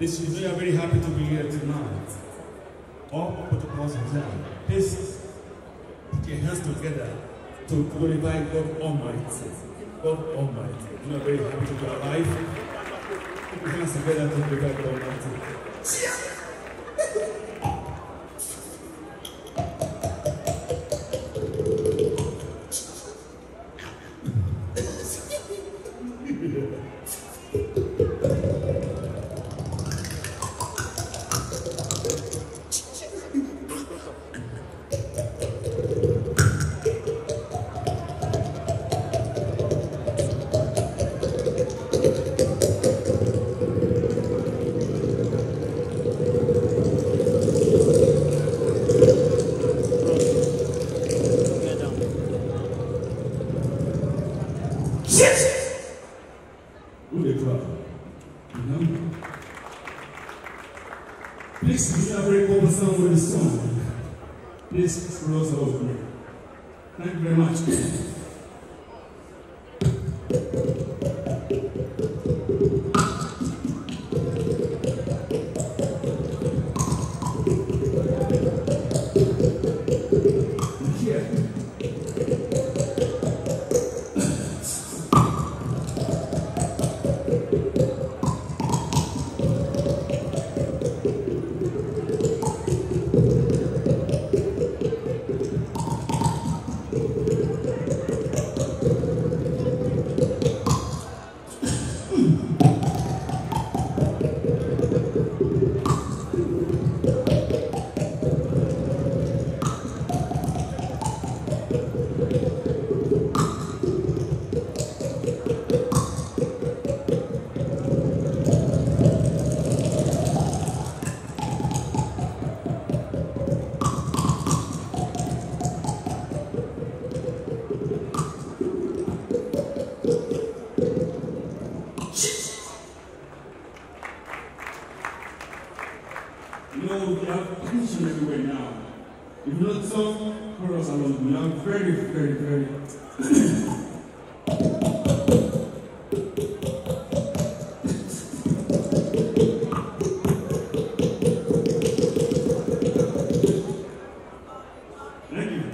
This is we are very happy to be here tonight. All protocols are down. Please put your hands together to glorify God Almighty. God Almighty. We are very happy to be alive. Put your hands together to glorify God Almighty. Please celebrate Bobasan with a song. Please, Rose of Thank you very much. You know, we have tension everywhere now. If not some solve chorus alone, we am very, very, very. Thank you.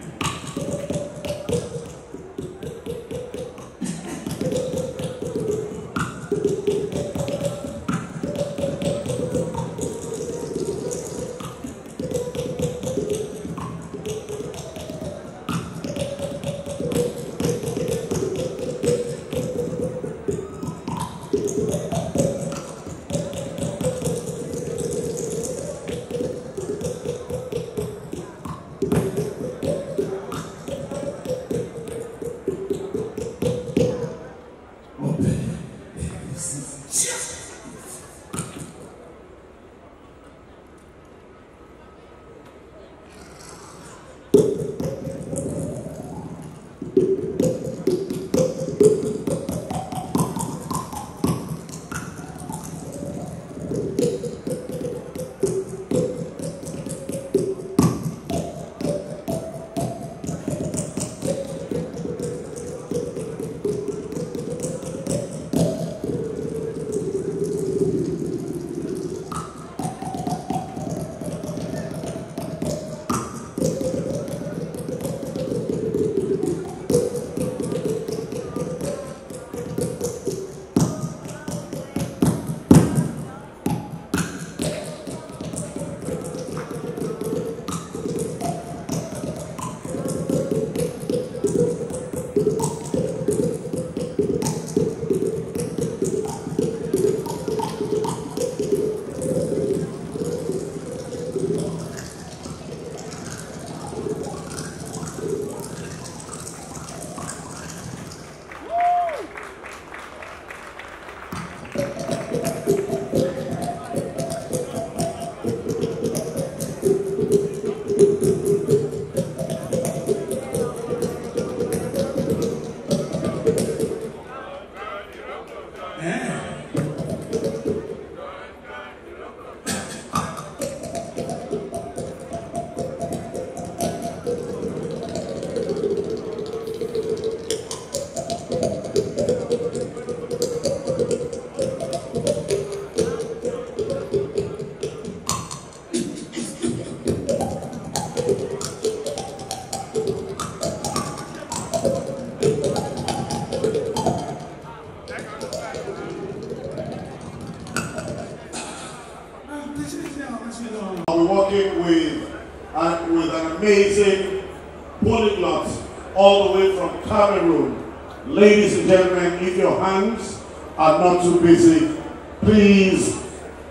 polyglots all the way from Cameroon. Ladies and gentlemen, if your hands are not too busy, please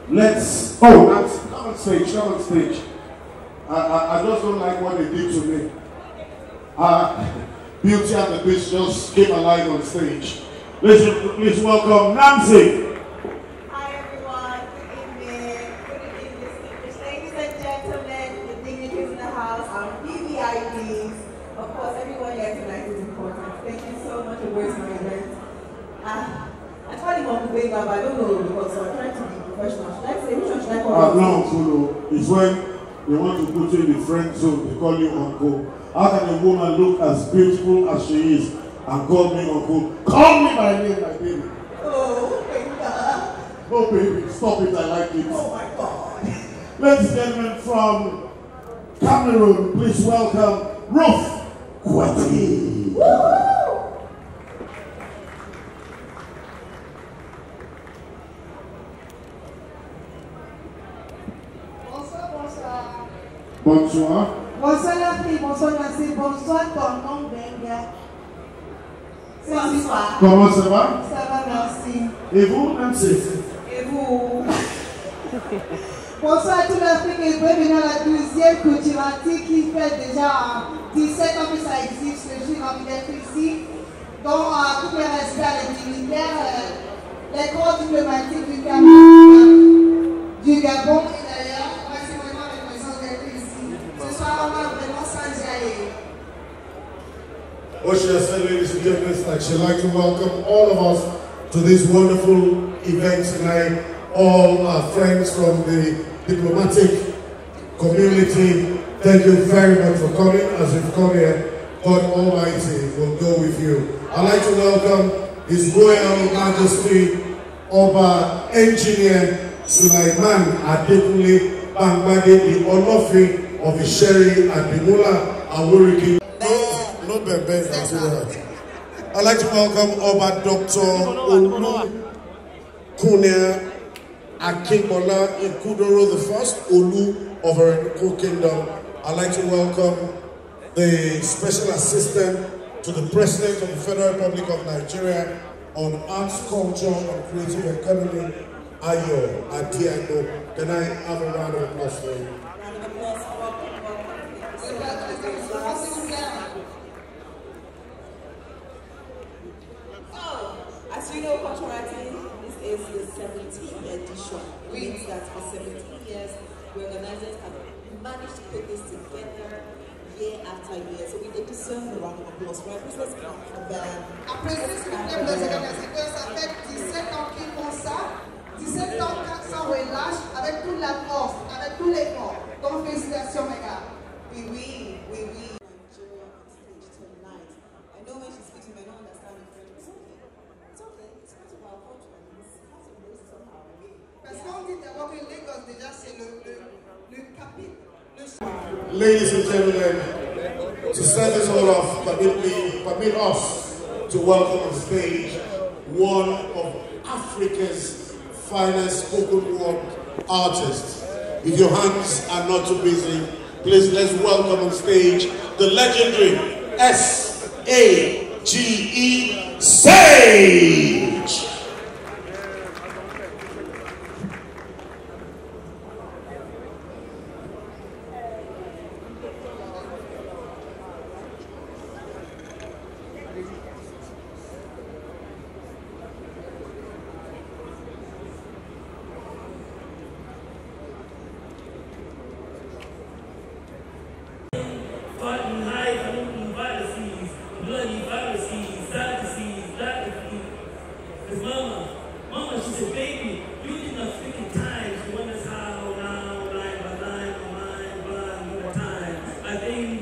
let's, oh, that's, come on stage, come on stage. I, I, I just don't like what they did to me. Uh, Beauty and the Beast just came alive on stage. Please, please welcome Nancy. on the Uh, no, Solo. It's when they want to put you in the friend zone, they call you uncle. How can a woman look as beautiful as she is and call me uncle? Call me by name, my baby. Oh, baby. Oh, baby, stop it, I like it. Oh, my God. Ladies and gentlemen from Cameroon, please welcome Ruth Kweti. Woo! Bonsoir. Bonsoir la fille, bonsoir la bonsoir ton nom Benga. Bonsoir. Comment ça va Ça va, merci. Et vous, MC Et vous Bonsoir à toute l'Afrique et bienvenue à la deuxième culture qui fait déjà 17 ans que ça existe. Je suis ravie d'être ici. Donc, à euh, tous les respects à les militaires, euh, les corps diplomatiques du Cameroun, du Gabon What ladies and gentlemen? that She'd like to welcome all of us to this wonderful event tonight. All our friends from the diplomatic community, thank you very much for coming. As you've come here, God Almighty will go with you. I'd like to welcome His Royal Majesty Oba Engineer Sulaiman Adekunle Bangbade the Onofi ọ̀fìṣẹ́rì àdìmúlà awórìkì ló bẹ̀bẹ̀ àdúrà. I'd like to welcome Ọba Dr. Olukunle Akinbola Ikudoro, the first Olu of Ereniko Kingdom. I'd like to welcome the Special Assistant to the President of the Federal Republic of Nigeria on Arts, Culture, and Creative Economy, Ayo Adiago. Can I have a round of applause for you? Means that for 17 years, the organizers have managed to put this together year after year. So we did deserve the round of applause for um, our business club. Our business members et organisateurs avec 17 ans qui font 17 ans qui sont relâches avec toute force, avec tous les ladies and gentlemen, to set this all off, permit me, permit us to welcome on stage one of Africa's finest spoken word artists. If your hands are not too busy, please let's welcome on stage the legendary S A G E Say.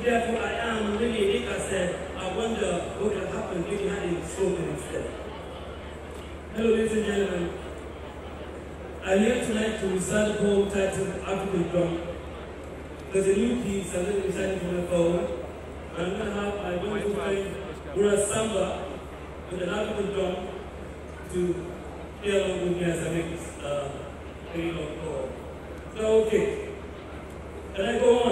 Therefore, I am really I wonder what will happen if you had spoken instead. Hello, ladies and gentlemen. I'm here tonight to recite the poem titled African Drum. There's a new piece I'm going to recite from the and I'm going to have my wonderful friend Gura Samba with an African drum to play along with me as I make this uh, very long poem. So, okay. and I go on?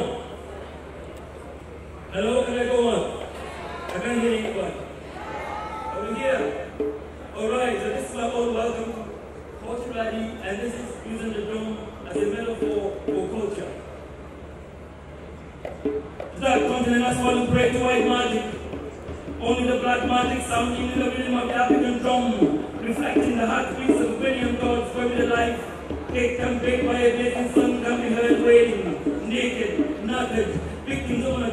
Take them, take my blessings, some come here her waiting, naked, naked, picking the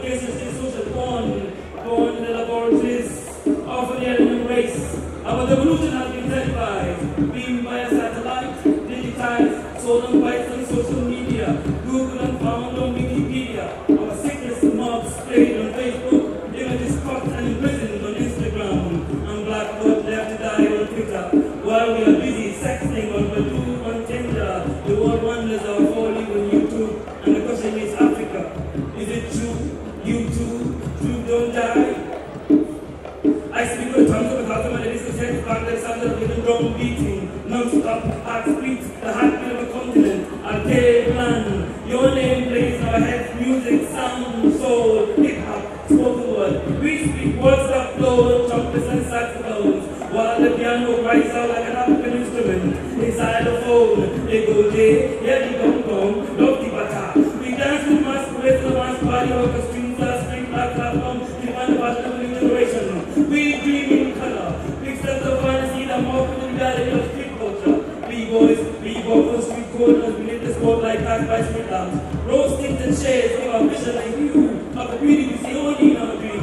Lord. We speak words of glory, trumpets and saxophones. While the piano cries out like an African instrument. A xylophone, a gold day, yeah, we don't come, don't keep a tap. We dance with mass parade, the mass party orchestra, street black platform, demand of our generation. We dream in color, mix of fantasy, the morph the reality of street culture. We boys, we walk the street corners, we lit the spotlight back by street lamps. Rose tinted shades of our vision and hue of the beauty we see only in our dreams.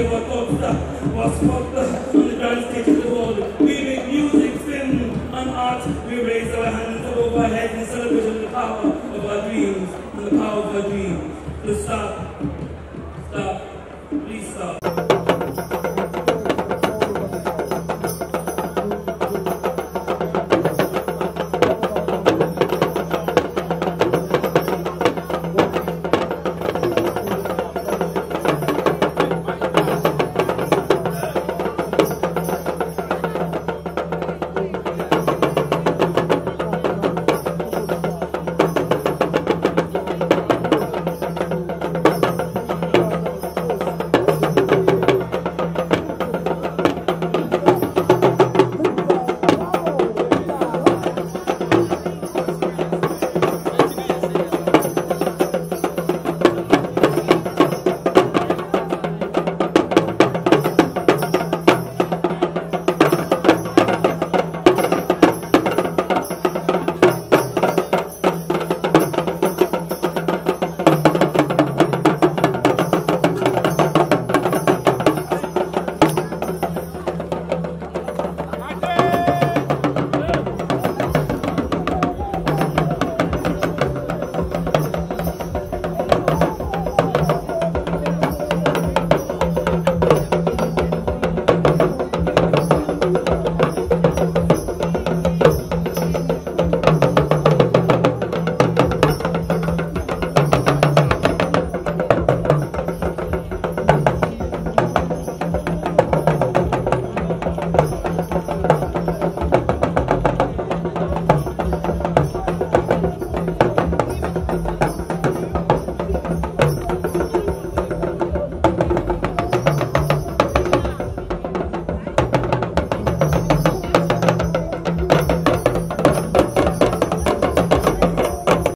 его т о б р а Господа, г а н